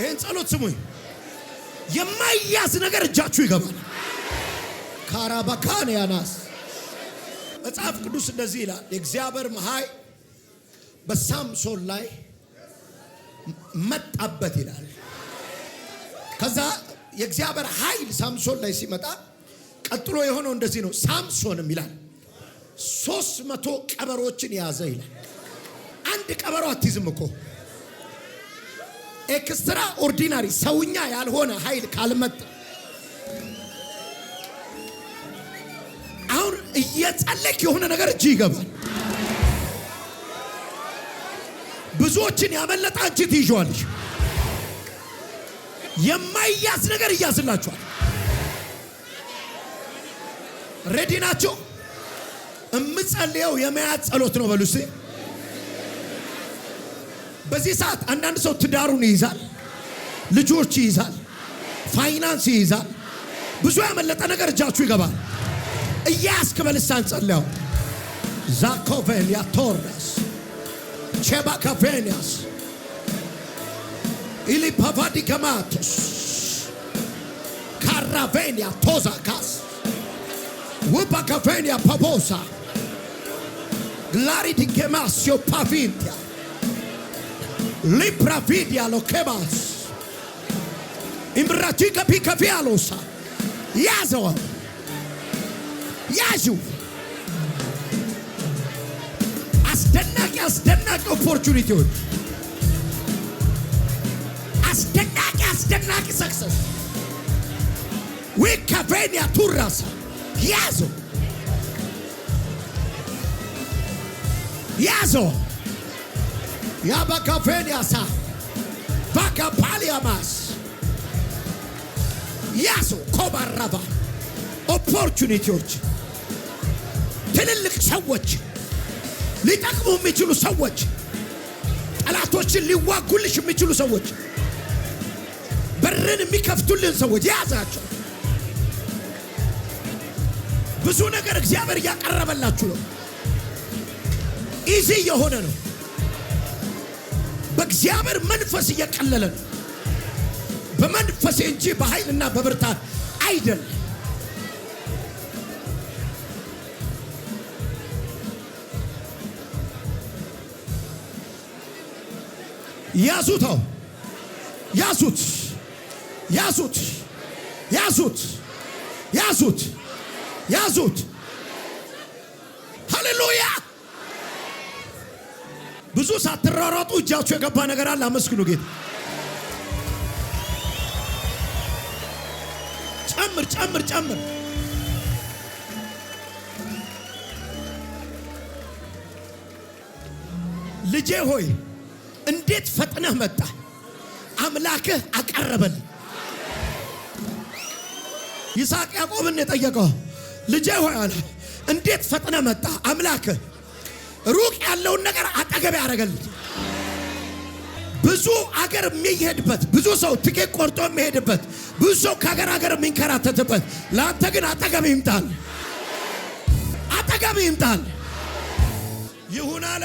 ይህን ጸሎት ስሙኝ። የማያዝ ነገር እጃችሁ ይገባል። ካራባካን ያናስ መጽሐፍ ቅዱስ እንደዚህ ይላል። የእግዚአብሔር መሀይ በሳምሶን ላይ መጣበት ይላል። ከዛ የእግዚአብሔር ኃይል ሳምሶን ላይ ሲመጣ ቀጥሎ የሆነው እንደዚህ ነው። ሳምሶንም ይላል ሶስት መቶ ቀበሮችን የያዘ ይላል። አንድ ቀበሮ አትይዝም እኮ ኤክስትራ ኦርዲናሪ ሰውኛ ያልሆነ ኃይል ካልመጣ አሁን እየጸለክ የሆነ ነገር እጅ ይገባል። ብዙዎችን ያመለጠ አንቺ ትይዣዋለሽ። የማይያዝ ነገር እያዝላችኋል። ሬዲ ናቸው። እምጸልየው የመያዝ ጸሎት ነው በሉሴ በዚህ ሰዓት አንዳንድ ሰው ትዳሩን ይይዛል፣ ልጆች ይይዛል፣ ፋይናንስ ይይዛል። ብዙ ያመለጠ ነገር እጃችሁ ይገባል። እያስክ በልሳን ጸለያው ዛኮቬንያ ቶርዳስ ቼባካቬንያስ ኢሊፓቫዲገማቶስ ካራቬንያ ቶዛካስ ውባካቬንያ ፓቦሳ ኬማስዮ ፓቪንቲያ ሊፕራፊድ ያለው ኬባስ ኢምራቺ ከፊ ከፊ አሎሳ ያዘዋ ያዙ አስደናቂ አስደናቂ ኦፖርቹኒቲዎች አስደናቂ አስደናቂ ሰክሰስ ዊከቬንያ ቱራሳ ያዘው ያዘው ያበከፌንያሳ ባከፓልያማስ ያሱ ኮባራባ ኦፖርቹኒቲዎች ትልልቅ ሰዎች ሊጠቅሙ የሚችሉ ሰዎች ጠላቶችን ሊዋጉልሽ የሚችሉ ሰዎች በርን የሚከፍቱልን ሰዎች የያዛቸው ብዙ ነገር እግዚአብሔር እያቀረበላችሁ ነው። ኢዚ የሆነ ነው። በእግዚአብሔር መንፈስ እየቀለለ ነው። በመንፈሴ እንጂ በኃይልና በብርታት አይደለም። ያዙታው ያዙት ያዙት ያዙት ያዙት ያዙት ብዙ ሳትራራጡ እጃችሁ የገባ ነገር አለ። አመስግኑ ጌታ። ጨምር ጨምር ጨምር። ልጄ ሆይ እንዴት ፈጥነህ መጣ! አምላክህ አቀረበል። ይስሐቅ ያዕቆብን የጠየቀው ልጄ ሆይ አለ እንዴት ፈጥነህ መጣ አምላክህ ሩቅ ያለውን ነገር አጠገብ ያደረገልት ብዙ አገር የሚሄድበት ብዙ ሰው ትኬት ቆርጦ የሚሄድበት ብዙ ሰው ከሀገር ሀገር የሚንከራተትበት ለአንተ ግን አጠገብ ይምጣል፣ አጠገብ ይምጣል። ይሁን አለ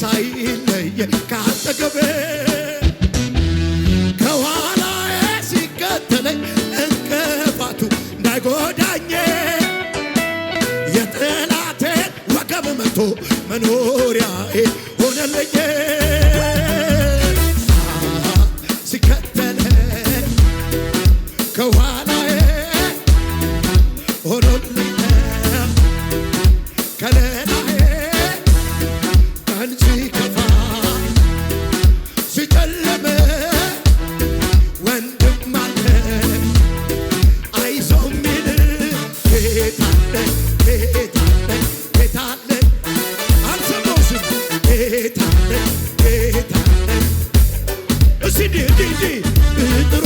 ሳይለየ ካጠገቤ ሲዲህ ዲዲ ጥሩ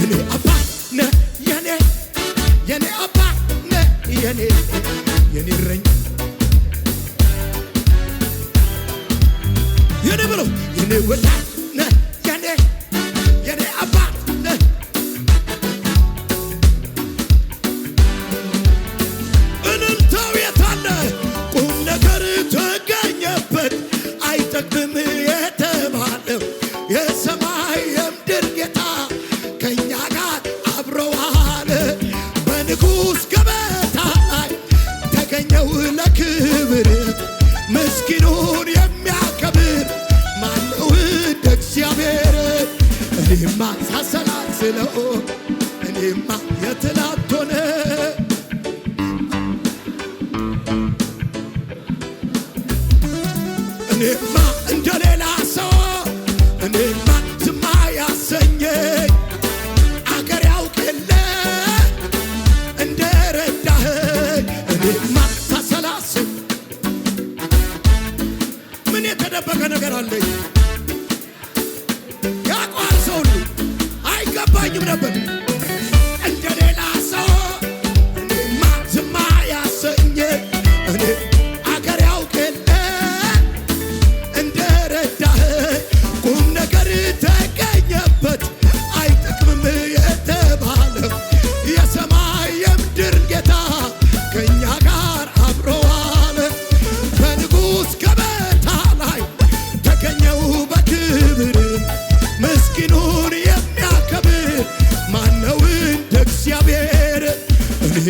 Yeah. እኔማ የትላንት ሆነ እኔማ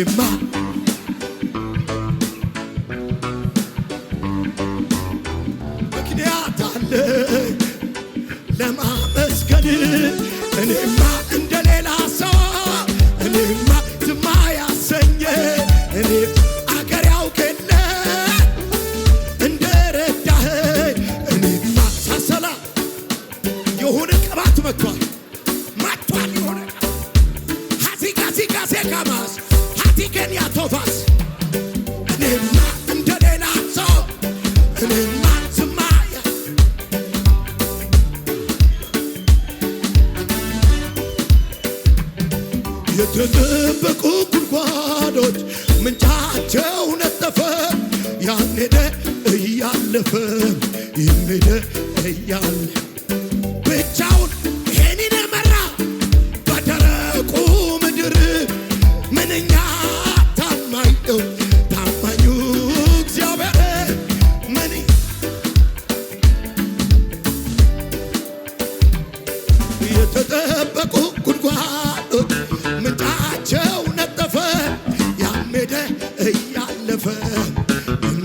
him up. የተጠበቁ ጉድጓዶች ምንጫቸው ነጠፈ። ያኔደ እያለፈ ይሜደ እያለ ብቻውን ይሄንን መራ በደረቁ ምድር ምንኛ ታማኝ ነው ታማኙ እግዚአብሔር ምን የተጠ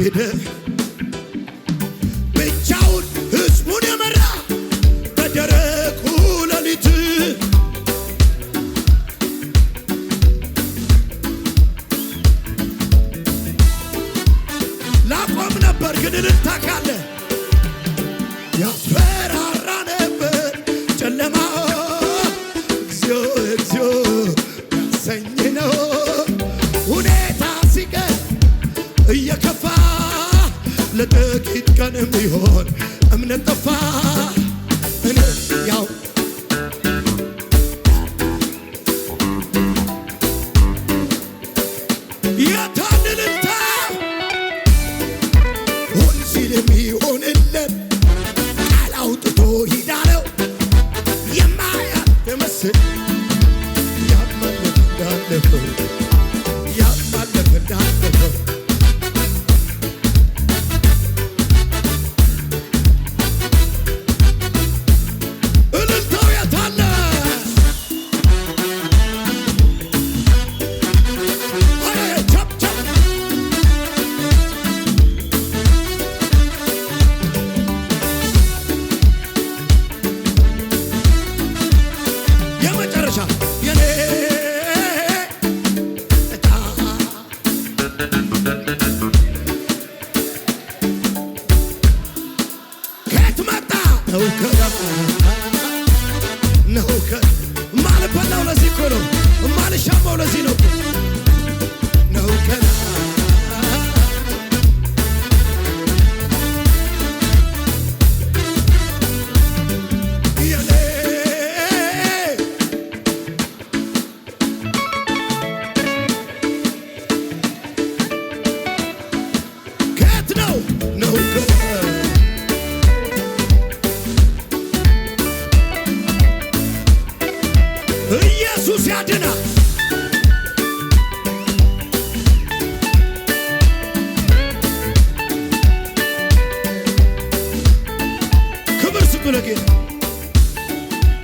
ሄደ። ብቻውን ሕዝቡን የመራ በደረቁ ሌሊት ላቆም ነበር ግን ልታካለ ጥቂት ቀንም ቢሆን እምነት ጠፋ ነው ከራም ነው ከ ማልበላው ለዚህ እኮ ነው ማልሻማው ለዚህ ነው